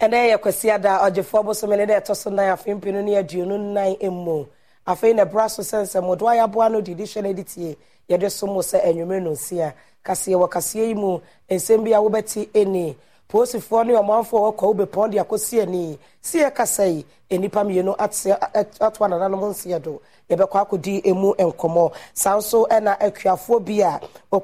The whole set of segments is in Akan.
ɛnna yɛ kwasi ada ɔgyefoɔ bosome ne deɛ ɛtɔ so nan afei mpinu ne aduonu nan mu afei na ɛbra so sɛ nsɛmmodoɔ a yɛaboa no didi hwɛ no adi tie yɛde so mu sɛ anwummerɛ no nsia kaseɛ wɔ kaseɛ yi mu nsɛm bi a wobɛte ɛnie polisifoɔ ne ɔmanfoɔ wɔkɔ wobɛpɔn de akɔsi ani si yɛ kasa yi nnipa mmienu ato anananom nseɛ do yɛbɛkɔ akɔdi emu nkɔmɔ saa nso na akuafoɔ bi a a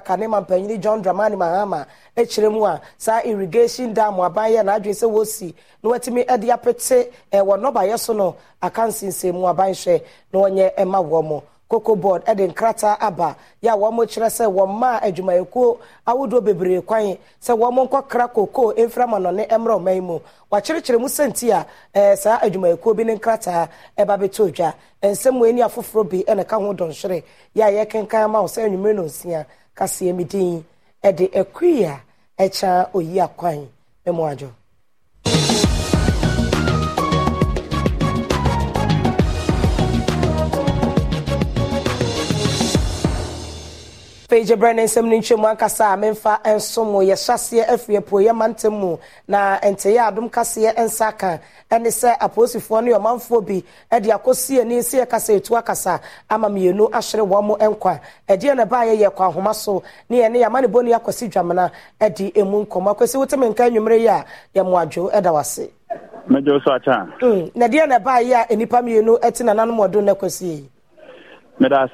kanema mpanyini john dramani mahama akyerɛ mu a saa irrigation dam aban yɛ n'adwene sɛ wɔsi na wɔatumi de apete ɛwɔ nnɔbaeɛ so no aka nsinsɛmu aban hwɛ na wɔnyɛ ma wɔ mo koko board ɛde nkrataa aba yɛ a wɔn kyerɛ sɛ wɔn mmaa adwumayɛkuo ahodoɔ bebree kwan sɛ wɔn nkɔkra koko efira ma nɔne mmerɛ ɔman mu wɔakyerɛkyerɛ mu sɛnti a ɛɛ saa adwumayɛkuo bi ne nkrataa ɛba bɛtɔ dwa nsɛm ani afoforɔ bi ɛna ka ho dɔnhwere yɛ a yɛkenkan ama wo sɛ anwummerɛ no nsia kaseɛ mi din ɛde akuya ɛkyɛn oyi akwan ɛmo afei gye berɛ ne nsɛm no ntwam ankasa a memfa nso mu yɛhyɛseɛ afiri ma mu na ntɛyɛ adom kaseɛ nsa ka ɛne sɛ apolisifoɔ ne ɔmanfoɔ bi de akɔsi ani sɛ yɛkasa ɛtu akasa ama mmienu ahwere nkwa ɛdeɛ yɛ kɔ ahoma so ne yɛne yɛama ne akɔsi dwamena ɛmu nkɔmmɔ wotemi nka yi a yɛmmo adwo wase a mm. na deɛ na ɛbaayɛ a nnipa mmienu na akɔsie yi meda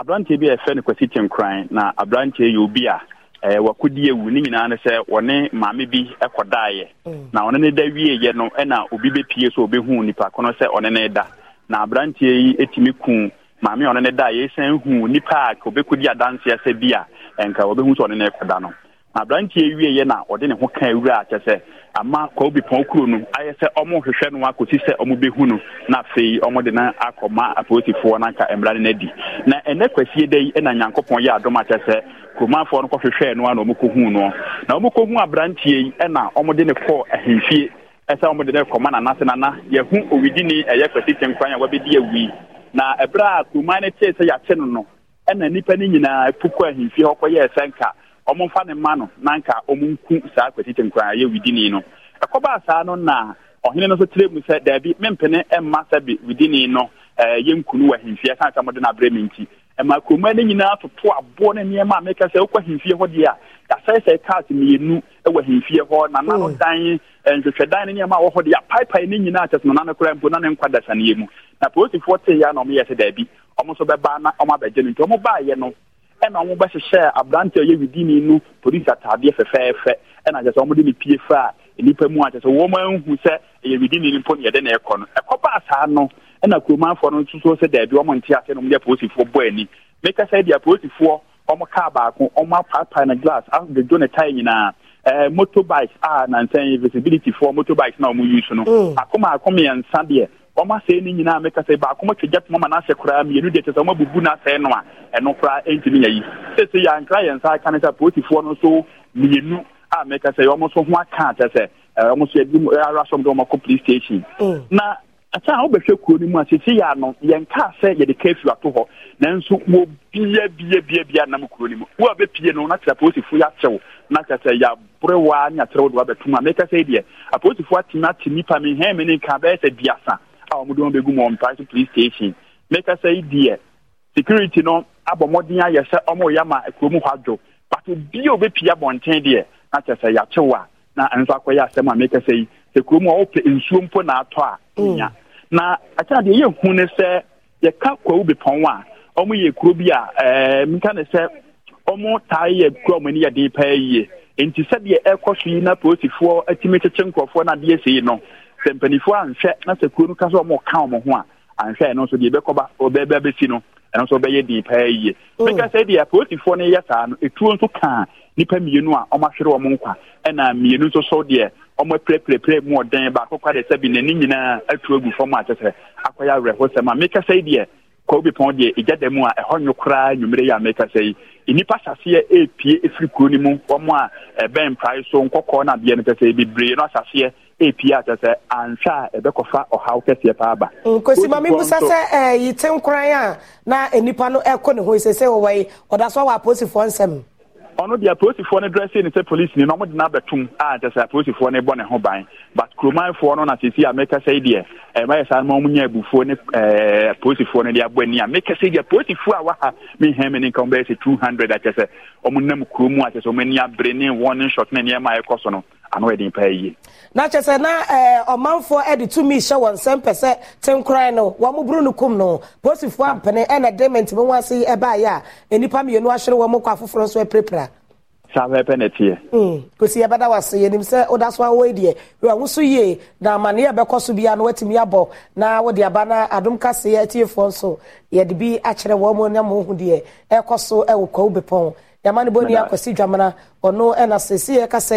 aberanteɛ bi a yɛfrɛ no kwasi tenkran na aberanteɛ yɛ obi a ɛɛ eh, wakodi ewu ne nyinaa ne sɛ wɔne maame bi ɛkɔdaeɛ mm. na ɔne ne da wieeɛ no ɛna obi bepie so obehu nipa kɔnɔ sɛ ɔne ne da na aberanteɛ yi etimi kun maame a ɔne ne da yɛsan hu nipa a obekodi adanseɛ sɛ bi a ɛnka obehu sɛ ɔne ne kɔda no na aberanteɛ wieeɛ na ɔde ne ho kan ewura akyɛ sɛ ama kwawu bipɔn kuro no ayɛ sɛ ɔmo hwehwɛ no akɔsi sɛ ɔmo no na afei ɔmo de no akɔma apolisifoɔ nanka mmara no n'adi na ɛnɛ kwasie dɛ yi ɛna nyankopɔn yɛ adom akyɛ sɛ kuromanfoɔ no kɔhwehwɛ no na ɔmo kɔhu no na ɔmo kɔhu aberanteɛ yi ɛna ɔmo de no kɔɔ ahemfie ɛsɛ ɔmo de no kɔma nana se nana yɛhu owidini ɛyɛ kwasi kyenkwan a wabɛdi awi na ɛberɛ a kuroman no sɛ no no ɛna nnipa nka ɔmomfa ne mma no na nka ɔmonku saa kwatite nkora yɛ widini no ɛkɔbaa saa no na ɔhene no nso tirɛ mu sɛ daabi mempene mma sɛbe widini no eh, yɛnkunu wɔ ahemfie san sɛ mode no aberɛ me nti ɛma kuroma no nyinaa toto aboɔ no nneɛma a meka sɛ wokɔ ahemfie hɔ deɛ a yɛasɛesɛe cars mmienu wɔ ahemfie hɔ nana no hmm. dan eh, nhwehwɛdan no nneɛma a wɔ hɔ deɛ apaepae no nyinaa kyɛ so nana no koraa mpo na ne nkwa dasaneɛ mu na polisifoɔ teeɛ a na ɔmyɛ sɛ daabi ɔmo nso bɛba na ɔmo abɛgye no nti ɔmo baayɛ no ɛna wɔn bɛhyehyɛ aberante a ɔyɛ widini no polisi ataadeɛ fɛfɛɛfɛ ɛna kyerɛ sɛ wɔn de ne pie fa a nipa mu a kyerɛ sɛ wɔn ahu sɛ ɛyɛ widini no mpo ne yɛde na ɛkɔ no ɛkɔ baa saa no ɛna kuromanfoɔ no nso so sɛ daabi wɔn nte ase na wɔn de apolisifoɔ bɔ ani meka sɛ deɛ apolisifoɔ wɔn kaa baako wɔn apaapaa ne glass adwodwo ne tae nyinaa ɛɛ motorbikes a nansan visibility foɔ motorbikes na wɔn use no akoma mm. akoma yɛnsa deɛ ɔma sɛe no nyinaa meka sɛ baako matwa gya pema ma no ahyɛ koraa mmienu deɛ kyɛ sɛ ɔmabubu no asɛe no a ɛno koraa ɛntumi nya yi sɛsɛ yɛankra yɛn nsa aka ne sɛ apolisifoɔ no nso mmienu a meka sɛ ɔmo nso ho aka kyɛ sɛ ɔmo so ara sɔm dɛ ɔmakɔ police station mm. na ɛkyɛ a wobɛhwɛ kuro no mu a sɛsi yɛ no yɛnkaa sɛ yɛde kafiu ato hɔ nanso wɔbia bia bia bia nam kuro no mu wo a bɛpie no na kyerɛ apolisifoɔ yɛakyɛw na kyerɛ sɛ yɛaborɛ waa ne akyerɛ wo de wabɛtom a meka sɛ deɛ apolisifoɔ atumi ate nnipa mehɛn me ne nka bɛyɛ sɛ biasa a wɔn de wɔn bɛgu mu wɔn price police station mɛka sɛ yi deɛ security no abɔ mmɔden ayɛ sɛ wɔn reyɛ ama kurom hɔ adwo but obi a obɛpie abɔnten deɛ na kyerɛ sɛ yɛakyew a na nso akɔyɛ asɛm a mɛka sɛ yi sɛ kurom a wɔpɛ nsuo mpo na atɔ a nya mm. na akyɛn deɛ yɛ hu ne sɛ yɛka kwawu bepɔn a wɔn yɛ kuro bi a ɛɛ mɛka ne sɛ wɔn taa yɛ kuro a wɔn ani yɛ den pɛɛ yie nti sɛdeɛ ɛrekɔ so yi na polisifoɔ atumi kyekyɛ nkurɔfoɔ no adeɛ sei no sɛ mpanimfoɔ anhwɛ na sɛ kuro no ka sɛ ɔmo ka ɔmo ho a anhwɛ ɛno nso deɛ ɛbɛkɔba ɔbɛɛbɛ bɛsi no ɛno nso bɛyɛ den paa yie oh. mɛka sɛ deɛ apolisifoɔ no yɛ saa no etuo nso kaa nipa mmienu a ɔmo ahwere ɔmo nkwa ɛna mmienu nso so deɛ ɔmo apirapirapira mu ɔdan baako kwa de sɛbi n'ani nyinaa atu agu fam a kyerɛ akɔyɛ awerɛho sɛm a mɛka sɛ deɛ kɔɔbi pɔn deɛ egya da mu a ɛhɔ nyo koraa nnwumire yi a mɛka sɛ yi nnipa saseɛ epie efiri kuro no mu wɔn a ɛbɛn mpae nkɔkɔɔ na adeɛ no kɛse bebree no asaseɛ epie akyɛ sɛ ansa a ɛbɛkɔfa ɔhaw kɛseɛ paa ba. nkosi mm, maame musa sɛ ɛyi eh, te nkoran a na nipa no ɛkɔ ne ho yi sɛsɛ wɔwɔ yi ɔda so wɔ apolisifoɔ nsɛm. ɔno deɛ apolisifoɔ no drɛse ne sɛ polisi ni na ɔmo de n'abɛtum a kyɛ sɛ apolisifoɔ no bɔ ne ho ban but kuromanfoɔ no na sisi a mekasa yi deɛ ɛma eh, yɛ saa ma ɔmo nya abufuo ne ɛɛ eh, apolisifoɔ no de abɔ ani a mekasa yi deɛ apolisifoɔ a waha mi hɛn ne nka ɔmo bɛyɛ sɛ two hundred a kyɛ sɛ ɔmo nam kurom a kyɛ sɛ ɔmo ani abere ne warning shot ne nneɛma a ɛkɔ so no ano ɛde mpa yie na kyɛ sɛ na ɛɛ eh, ɔmanfoɔ de tumi hyɛ wɔn nsɛm pɛ sɛ tenkoran no wɔn mo buru no kum no posifoɔ ampene ɛna de mɛnti mo ase ɛbaayɛ a nnipa mmienu ahwere wɔn kɔ afoforɔ nso apirapira. saa mɛpɛ na teɛ. Mm, kosi ɛbɛda wase yɛnim sɛ ɔda so awɔ yi deɛ wɔ ahosuo yie na amaneɛ bɛkɔ so bia no watumi abɔ na wɔde aba na adom kaseɛ atiefoɔ nso yɛde bi akyerɛ wɔn mo na si yɛ kasa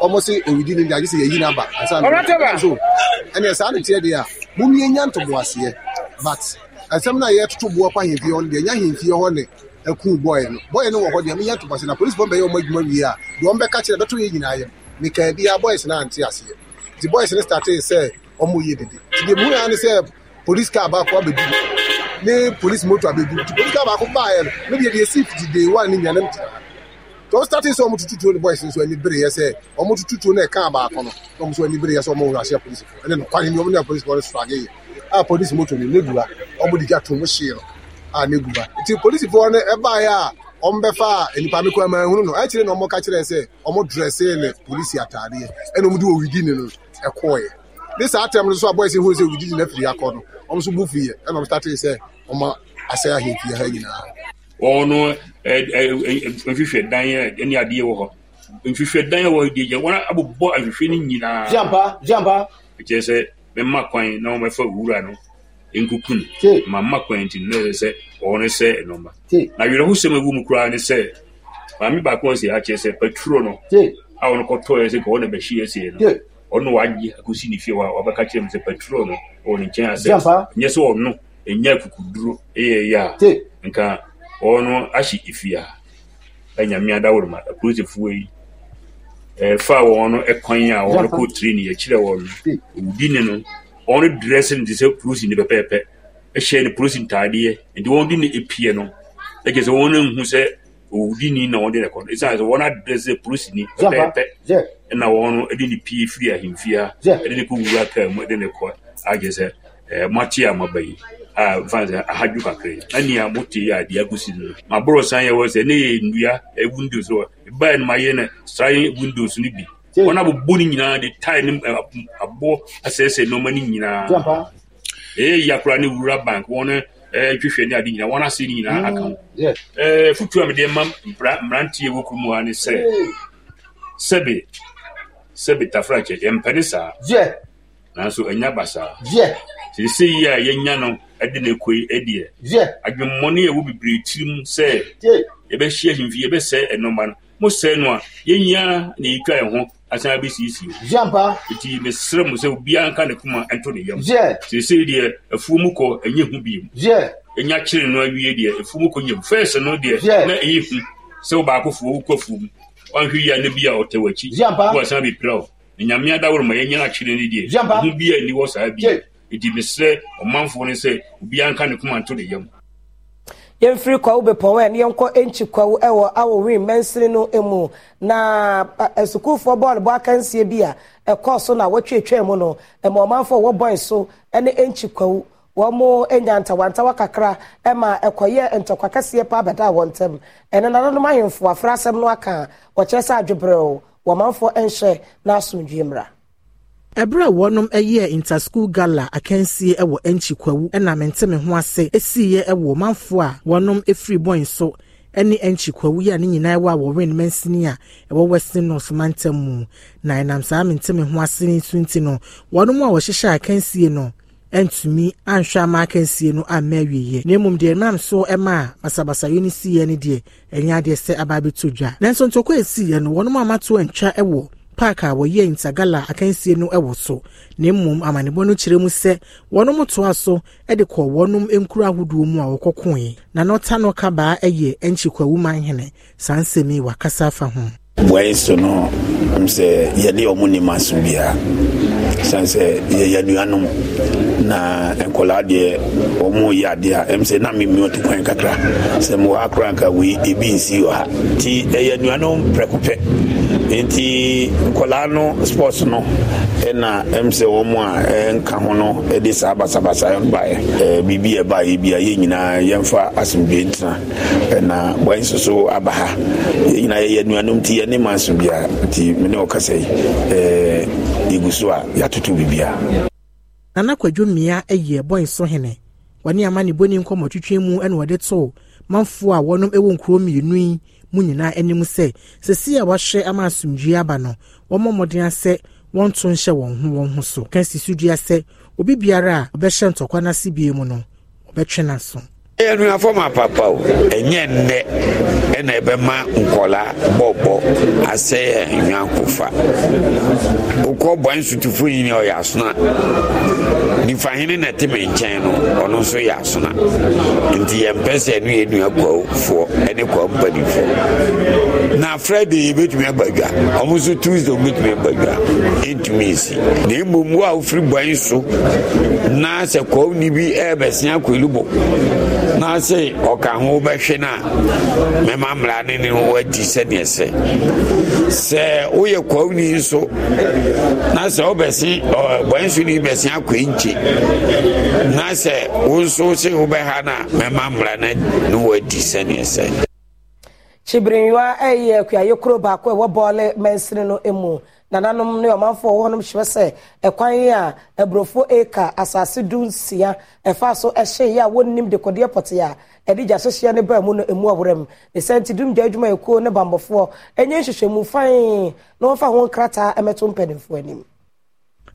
ɔmo se ewidi ne deɛ agye sɛ yɛyi n'aba ansa na so ɛnna saa ne teɛ deɛ a mo mi enya ntobo aseɛ but asɛm na yɛtoto boɔ kɔ ahemfie hɔ no deɛ ɛnya ahemfie hɔ ne ɛkuu bɔɔyɛ no bɔɔyɛ no wɔ hɔ deɛ mo enya ntobo aseɛ na polisi bɔn bɛyɛ ɔmo adwuma wie a deɛ ɔmo bɛka kyerɛ bɛto yɛ nyinaa yɛ ne kaa bi a bɔɔyɛ sena ante aseɛ nti bɔɔyɛ sena startee sɛ ɔmo yɛ dede ti deɛ mo yɛn ani sɛ polisi kaa baako abɛdu ne polisi moto abɛdu ti polisi kaa baako baayɛ no ne deɛ deɛ si fiti day one ne nyɛ ne so starting sɛ ɔmo tututuo ne boys nso ani bere yɛ sɛ ɔmo tututuo na ɛka abaako no na ɔmo nso ani bere yɛ sɛ ɔmo wura ahyɛ polisi fo ɛne no kwan ni ɔmo ne polisi fo ɔno srage yɛ a polisi moto ne negu ha ɔmo de gya to mo hyee no a negu ha nti polisi fo no ɛbaayɛ a ɔmo bɛfa a nipa mi kɔ ɛma ehunu no ɛkyerɛ na ɔmo ka kyerɛ sɛ ɔmo dresse ne polisi ataadeɛ ɛna ɔmo de owi di ne no ɛkɔɔyɛ ne saa atɛm no so a boys ehun sɛ owi di ne afiri akɔ no ɔmo so bu fi yɛ ɛna ɔmo start sɛ ɔmo asɛ ahemfie ha nyinaa. wɔn no nhwehwɛ eh, eh, dan ne adeɛ wɔ hɔ nhwehwɛ dan wɔ deɛ gya wɔn abobɔ ahwehwɛ no nyinaa jampa jampa kyerɛ sɛ mɛma kwan na wɔmɛfa wura no nkukun ma ma kwan ti ne sɛ ɔwɔ ne sɛ ɛnɔma na werɛ ho sɛm agu mu koraa ne sɛ maame baako ɔsɛ a kyerɛ sɛ paturo no a wɔn kɔtɔɔ yɛ sɛ kɔɔ na bɛhyi asie no ɔno wagye akɔsi ne fie hɔ a wɔbɛka kyerɛ mu sɛ paturo no ɔwɔ ne nkyɛn asɛ nyɛ sɛ ɔno ɛnya akukuduro ɛyɛ ɛyɛ a nka ɔno ahye ɛnyame ma apolisifoɔ yi ɛfa e, wɔn e e no kwan a wɔn kɔ ya, akyerɛ wɔn no ne no wɔn dresse no te sɛ polisi ne pɛpɛɛpɛ ɛhyɛ ne polisi ntaadeɛ nti wɔn ne epie no sɛ wɔn sɛ na wɔn de ne kɔ no sɛ wɔn adresse polisi ni pɛpɛɛpɛ ɛna wɔn no ɛde ne pie firi ahemfia ɛde ne kɔ wura ahadwuma kakra ɛne a mote yɛ adeɛ agosi no ma borɔ san yɛ wɔ sɛ ne yɛ nnua e windows wɔ ɛbaɛ no mayɛ no sran windows no bi wɔn abobɔ nyinaa de tae ne nneɛma nyinaa ɛyɛ yakora ne wura bank wɔn twehwɛ ne ade nyinaa wɔn ase no nyinaa aka mm, ho futu a mede ma mmeranteɛ wɔ kurom ha ne sɛ sɛbe sɛbe tafra kyɛ yɛmpɛ ne saa nanso ɛnya ba saa sese yi a yɛnya no ɛde ne kɔ yi ɛdeɛ adwemmɔne ɛwɔ bebree tirim sɛ yɛbɛhyia ahimfi yɛbɛsɛ ɛnoma no mo sɛ no a yɛnyia na yɛtwa yɛn ho asan abɛsiesie me mesrɛ mo sɛ obiara nka ne koma ɛnto ne yam seesei deɛ afuo mu kɔ ɛnyɛ hu biom ɛnya kyere no awie deɛ afuo mu kɔ nyam fɛs no deɛ na ɛyɛ hu sɛ wobaakofoɔ wokɔ afuo mu ɔnhwe yia no bi a ɔtɛ w'akyi wo asan bɛpira wo na nyame adaworo ma yɛnyɛ no akyere no deɛ ho bi a nni wɔ saa bi nti mesrɛ ɔmanfoɔ no sɛ obiara nka ne kuma nto ne yam yɛmfiri kwawo bepɔn ɛ ne yɛnkɔ nkyi kwawo ɛwɔ awowin mmansini no mu na e, sukuufoɔ bɔɔlobɔ akansie bi a ɛkɔɔ e, so na wɔtwetwaa mu no ɛma e, ɔmanfoɔ wɔ bɔn so ne nkyi kwawo wɔn anya ntawantawa kakra ma ɛkɔyɛ ntɔkwa kɛseɛ pa abɛda wɔn ntam ɛno nananom ahemfo afra asɛm no aka wɔkyerɛ sɛ adwebrɛw wɔmanfoɔ nhyɛ n'asomdwe mmra ɛberɛ wɔnom ɛyɛ interschool gala akansie ɛwɔ ɛnkyi kwawu ɛna mente me ho ase esiiɛ ɛwɔ manfoɔ a wɔnom efiri bɔn so ɛne ɛnkyi kwawu yi a ne nyinaa ɛwɔ a wɔwɛn mɛnsini a ɛwɔ western north mantam mu na ɛnam saa mente me ho ase ne nso no wɔnom a wɔhyehyɛ akansie no ntumi anhwɛ ama akansie no amma awieɛ na mmom deɛ nam so ma a basabasayɛ no siiɛ no deɛ ɛnyɛ adeɛ sɛ aba abɛto dwa nanso ntɔkwa ɛsiiɛ no wɔnom amatoa ntwa ɛwɔ paaki a wɔyɛ ntagala akansie no wɔ so na mmom amanebɔ no kyerɛ mu sɛ wɔnom toa so de kɔɔ wɔnom nkuro ahodoɔ mu a wɔkɔkoe na nɔta n'ɔka baa yɛ nkyikwawu manhene saa nsɛm yi wakasa afa ho buaye so no m sɛ yɛde ɔmo nim so biara sane sɛ yɛyɛ anuanom na nkɔlaa deɛ ɔmo yɛ adeɛ a ɛm sɛ na memi ɔte kwan kakra sɛ mewɔ ha kora nka wei ebi nsi wɔ ha nti ɛyɛ anuanom prɛko pɛ nti nkɔlaa no sports no ɛna ɛm sɛ wɔn a ɛnka ho no ɛde saa basabasa baeɛ biribi a ɛbaeɛ bi a yɛn nyinaa fa asomdwe ntena ɛna buaye nso so aba ha yɛn nyinaa yɛyɛ anuanom ti yɛ ne ma nso biara nti me ne ɔkasa yi yɛgu so a yɛatoto biribiara nana kwadwo mmea ayi ɛbɔ nso hene wɔne ama ne bɔni nkɔmmɔtwitwe mu ne wɔde too manfoɔ a wɔnom wɔ nkuro mmienu yi mu nyinaa anim sɛ sɛsi a wɔahyɛ ama asomdwie aba no wɔmmɔ mmɔden asɛ wɔnto nhyɛ wɔn ho wɔn ho so ka si so dua sɛ obi biara a ɔbɛhyɛ ntɔkwa no ase bie mu no wɔbɛtwe no anuafo ma papa o ɛnyɛ nnɛ ɛna ɛbɛma nkɔlaa bɔbɔ asɛ yɛ wokɔ bɔn sutufo nyini ɔyɛ asona nifahene na ɛte me nkyɛn no ɔno nso yɛ asona nti yɛmpɛ sɛ ɛno yɛ nua kwafoɔ ɛne kwa mpanifoɔ na friday yɛbɛtumi ɔmo nso tuesday wobɛtumi ɛntumi nsi na mmom wo a wofiri so na sɛ bi ɛɛbɛsea n'ase ɔka ho bɛhwe no a mɛma mmara ne ne ho adi sɛdeɛ sɛ sɛ woyɛ kwawni nso na sɛ wobɛse bɔnso ne bɛse akɔ nkye na sɛ wo nso se wobɛha no a mɛma mmara ne ho adi sɛdeɛ sɛ kyibrenwa ɛyɛ akuayɛ baako ɛwɔ bɔɔle mansini no mu nananom ne ɔmanfoɔ wɔ hɔnom hyerɛ sɛ ɛkwan a aburofo eka asase du nsia ɛfa so ɛhyɛ yi a wɔnnim de kɔdeɛ pɔte a ɛde gya hyehyɛ ne baa mu no emu awura mu esan ti dum gya adwuma ekuo ne bambɔfoɔ enye nhyehyɛmu fain na wɔfa ho nkrataa ɛmɛto mpanimfoɔ anim.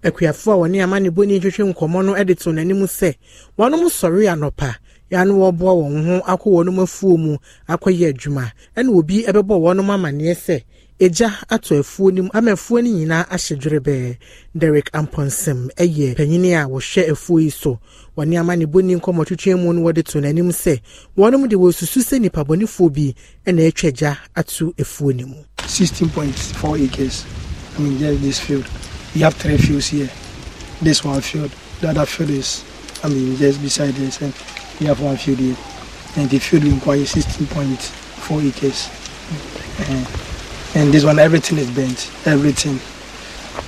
akuafoɔ a wɔne amane bɔni twetwe nkɔmmɔ no de to n'anim sɛ wɔnom sɔre anɔpa yɛano wɔboa wɔn ho akɔ wɔnom afuo mu akɔyɛ adwuma ɛna obi bɛbɔ wɔnom amanneɛ sɛ egya atɔ afuo no mu ama afuo no nyinaa ahyɛ dwerebɛɛ derek ampɔnsɛm ɛyɛ panyini a wɔhwɛ afuo yi so wɔne ama ne bɔni nkɔmmɔtwetwe mu no wɔde to n'anim sɛ wɔnom de wɔsusu sɛ nnipabɔnefoɔ bi na atwa gya ato afuo no mu acres I mean, just this field. We have three fields here. This one field, the other field is, I mean, just beside this, and we have one field here. And the field requires 16.4 acres. Uh, and this one everything is bent everything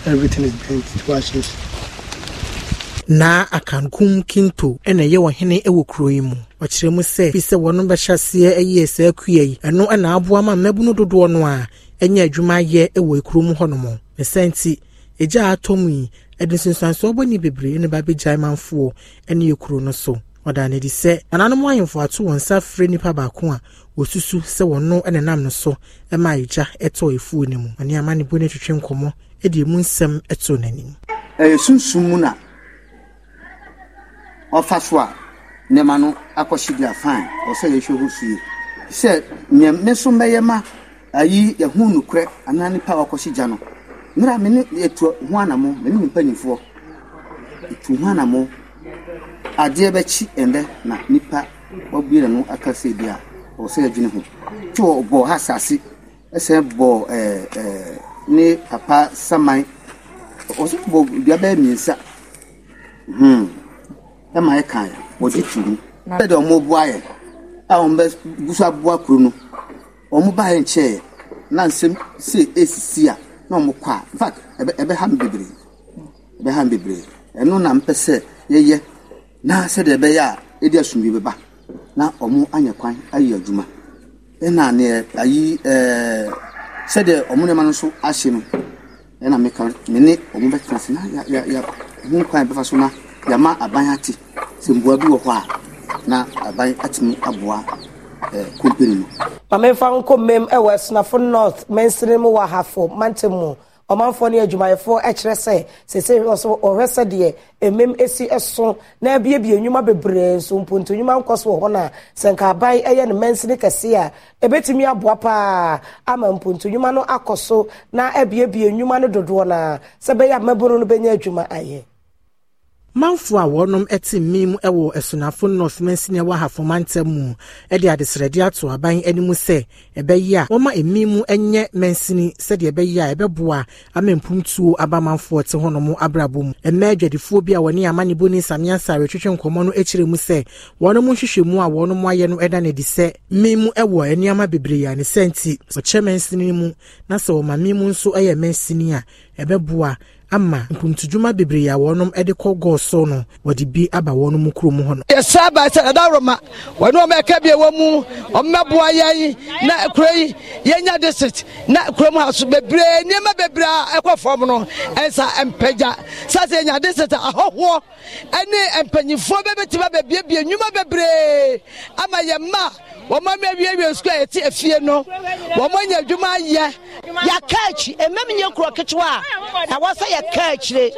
everything is bent watch this. na akankum kinto ɛna ɛyɛ hene ɛwɔ kuro yi mu ɔkyerɛ mu sɛ fi sɛ wɔn bɛhyɛ aseɛ ɛyɛ saa kua yi ɛno ɛna aboa ma mmɛbunu dodoɔ no a ɛnyɛ adwuma yɛ ɛwɔ kurom hɔnom ne sɛ nti egya atɔ mu yi ɛde nsonsansoɔ bɔ ne bebree ne ba bɛgya manfoɔ ɛne ekuro no so ɔda n'adi sɛ nananom ahemfo ato wɔn nsa frɛ nnipa baako a wɔsusu sɛ wɔno nenam no so ma agya tɔ efuo no mu ɔne amanebo no atwitwe nkɔmmɔ de emu nsɛm too n'anim ɛyɛ sunsum mu na ɔfa so a nneɛma no akɔhyɛ bi afan ɔsɛ yɛhwɛ ho fie sɛ nneɛma nso mɛyɛ ma ayi ɛho nukorɛ anaa nipa a gya no mmerɛ a mene ɛtu ho anamo mene ne mpanyimfoɔ ɛtu ho anamo adeɛ bɛkyi ɛndɛ na nipa wabue n'ano aka sɛ bi a ɔwɔ sɛ yɛdwene ho twe bɔ ha saasi. ɛsɛ bɔ ɛɛ ɛɛ ne papa saman ɔwɔ sɛ bɔ dua bɛyɛ mmiɛnsa hmm ɛma yɛ kan wɔde tu mu ɛyɛ dɛ ɔmo boa yɛ a wɔn bɛ guso aboa kuro no ɔmo ba yɛ nkyɛn na nsɛm se esisi a na ɔmo kɔ a in fact ɛbɛ ɛbɛ ha mi bebree ɛbɛ ha mi bebree ɛno na mpɛ sɛ yɛyɛ. na sɛdeɛ ɛbɛyɛ a ɛde asumdwe bɛba na ɔmo anya kwan ayɛ adwuma ɛna neɛ ayi ɛɛ sɛdeɛ ɔmo nneɛma no nso ahyɛ no ɛna meka me ne ɔmo bɛtena ase na ya ya ho kwan bɛfa so na yɛama aban ate sɛ mboa bi wɔ hɔ a na aban atumi aboa ɛɛ kompani no. pamemfa nkɔ mmem ɛwɔ asunafo north mɛnsiri mu wɔ ahafo mantam mu. ɔmanfoɔ ne adwumayɛfoɔ kyerɛ sɛ sese nso ɔhwɛ sɛ deɛ emem esi so na ebiebie nnwuma bebree nso mponto nnwuma nkɔ so wɔ hɔ na sɛ nkaaban yɛ ne mmɛnsini kɛse a ebetumi aboa paa ama mponto nnwuma no akɔ so na ebiebie nnwuma no dodoɔ na sɛ bɛyɛ amaburo no bɛnya adwuma ayɛ manfo a wɔnom te mmim wɔ asunafo north mansini wɔ mu de adesrɛde ato aban anim sɛ ɛbɛyɛ a wɔma mmim nyɛ mansini sɛdeɛ ɛbɛyɛ a ɛbɛboa ama mpuntuo aba manfoɔ te hɔnom abrabɔ mu mmaa adwadifoɔ bi a wɔne amanibo ne sameasa retwitwe nkɔmmɔ no akyire mu sɛ wɔnom nhwehwɛmu a wɔnom ayɛ no da no adi sɛ mmim wɔ nneɛma bebree a ne sɛ nti wɔkyɛ mansini mu na sɛ wɔma mmim nso yɛ mansini a ɛbɛboa ama mpuntudwuma bebree a wɔnom de kɔ gɔɔ so no wɔde bi aba wɔn mu kurom hɔ no. yɛsa baasa dada roma wɔne wɔn ɛka bie wɔ mu ɔmmɛboa yɛn na kuro yi yɛnya district na kurom ha so bebree nneɛma bebree a ɛkɔ fam no ɛnsa mpagya sase yɛnya district ahɔhoɔ ne mpanyinfoɔ bɛbɛtuma bebiebie nnwuma bebree ama yɛn mma wɔn mɛ wiewie sukuu a yɛte efie no wɔn anya adwuma ayɛ yɛ kaakyi emem nyɛ kuro ketewa a ɛwɔ sɛ yɛ kaakyire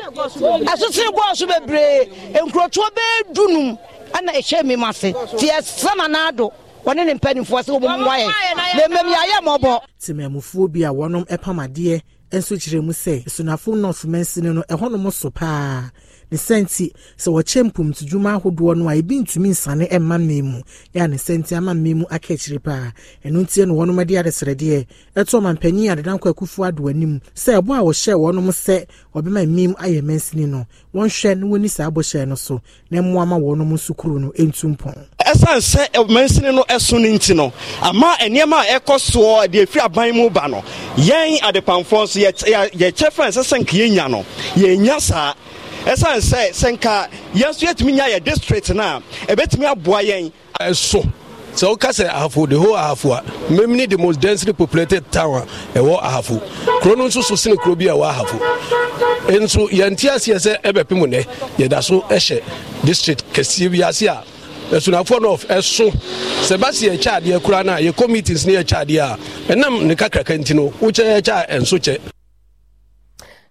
ɛsosen bɔɔso bebree nkurotoɔ bɛɛ dunum ɛna ehyɛ mi ma se te ɛsɛ na naado wɔne ne mpanimfoɔ sɛ wɔn mu wayɛ na emem yɛ ayɛ mɔbɔ. temamufoɔ bi a wɔnom pam adeɛ nso kyerɛ mu sɛ sunafo north mɛnsini no ɛhɔ nom so paa ne sɛnti sɛ wɔkyɛ mpomtodwuma ahodoɔ no a ebi ntumi nsane mma mmee mu yɛa ne sɛnti ama mmee mu aka akyiri paa ɛno ntie no wɔnom de adesrɛdeɛ ɛtɔ ma mpanyin adedankɔ akufo ado anim sɛ ɛbɔ a wɔhyɛ wɔnom sɛ wɔbɛma mmee mu ayɛ mɛnsini no wɔnhwɛ na wɔni saa abɔhyɛ no so na mmoa ma wɔnom nso no ntu mpɔn ɛsan sɛ mansini no ɛso no nti no ama nneɛma a ɛkɔ soɔ deɛ ɛfiri aban mu ba no yɛn adepamfoɔ nso yɛkyɛ fɛn sɛ sɛ nka yɛnya no yɛnya saa ɛsan sɛ sɛ nka yɛn nso yɛtumi nya yɛ district na a ɛbɛtumi aboa yɛn ɛso sɛ woka sɛ ahafo the whole ahafo a memini the most densely populated town a ɛwɔ ahafo kuro no nso so sene kuro bi a ɛwɔ ahafo nso yɛnte aseɛ sɛ ɛbɛpem nnɛ yɛda so ɛhyɛ district kɛseɛ bi ase a asunafoɔ no ɛso sɛ ba si adeɛ koraa no a yɛkɔ ne yɛkyɛ adeɛ a ɛnam ne kakraka nti no wokyɛ yɛkyɛ a ɛnso kyɛ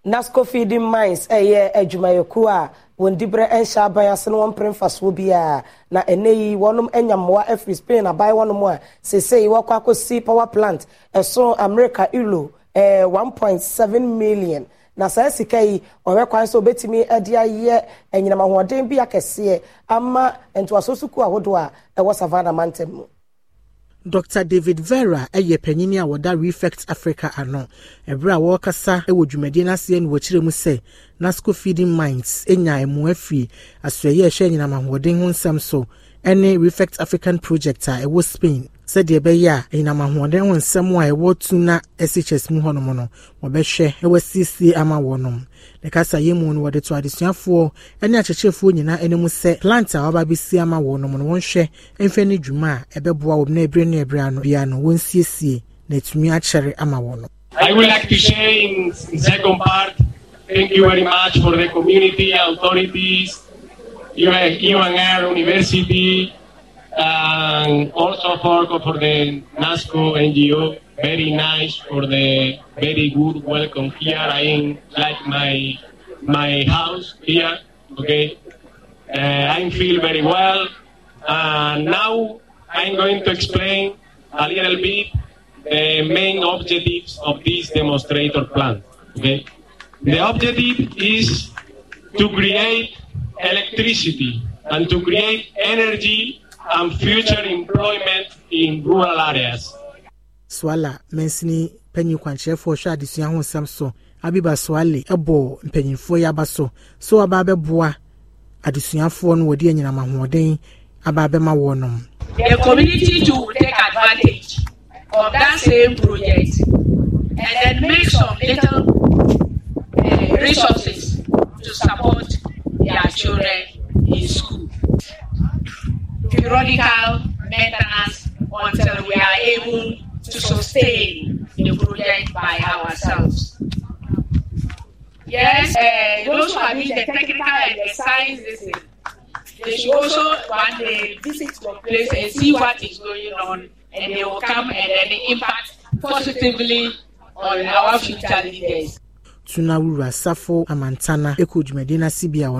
nasco feeding mines ɛyɛ adwumayɛkuo a wɔn diberɛ nhyɛ aban ase no wɔn mpere mfasoɔ biara na ɛnɛ yi wɔn anya mmoa afiri spain aban wɔn a seesei wɔkɔ akɔsi power plant ɛso america euro eh, ɛɛ one point seven million na saa sika yi ɔwɛ kwan so obetumi de ayɛ ɛnyinam ahoɔden bi akɛseɛ ama ntoaso suku ahodoɔ a ɛwɔ savannah mantam mu. dr david vera yɛ panyini a wɔda refect africa ano ɛberɛ a wɔrekasa wɔ dwumadie no aseɛ no wɔkyerɛ mu sɛ nasco feeding minds nya mmoa firi asoɛyɛ ɛhwɛ anyinam ahoɔden ho nsɛm so ne refect african project a ɛwɔ spain sɛdeɛ ɛbɛyɛ a anyinam ahoɔden ho nsɛm a ɛwɔ tu na ɛsikyɛs mu hɔnom no wɔbɛhwɛ ɛwɔ siesie ama wɔnom ne kasa yɛ mu no wɔde to adesuafoɔ ne akyerɛkyerɛfoɔ nyinaa anim sɛ plant a wɔaba bɛsi ama wɔnom no wɔnhwɛ mfɛ ne dwuma a ɛbɛboa wɔn na ebire ne ebire ano bia no wɔnsiesie na atumi akyɛre ama wɔnom. I would like to say in, in second part, thank you very much for the community, authorities, UNR University, and also for, for the NASCO NGO, very nice for the very good welcome here. I am like my my house here. Okay, uh, I feel very well. And uh, now I'm going to explain a little bit the main objectives of this demonstrator plan. Okay, the objective is to create electricity and to create energy and future employment in rural areas. Swala Mensini panyin kwankyerɛfoɔ hwɛ adesua ho nsɛm so abiba soale bɔ mpanyinfoɔ yi aba so so aba abɛboa adesuafoɔ no wɔde anyinam ahoɔden aba abɛma wɔnom. the community too will take advantage of that same project and then make some little uh, resources to support their children stay included by ourselves. Yes, uh, those who are doing the technical and the science they should also one day visit your place and see what is going on, and they will come and then impact positively on our future leaders. Tunawura Safo Amantana, Eko Jumedina CBI.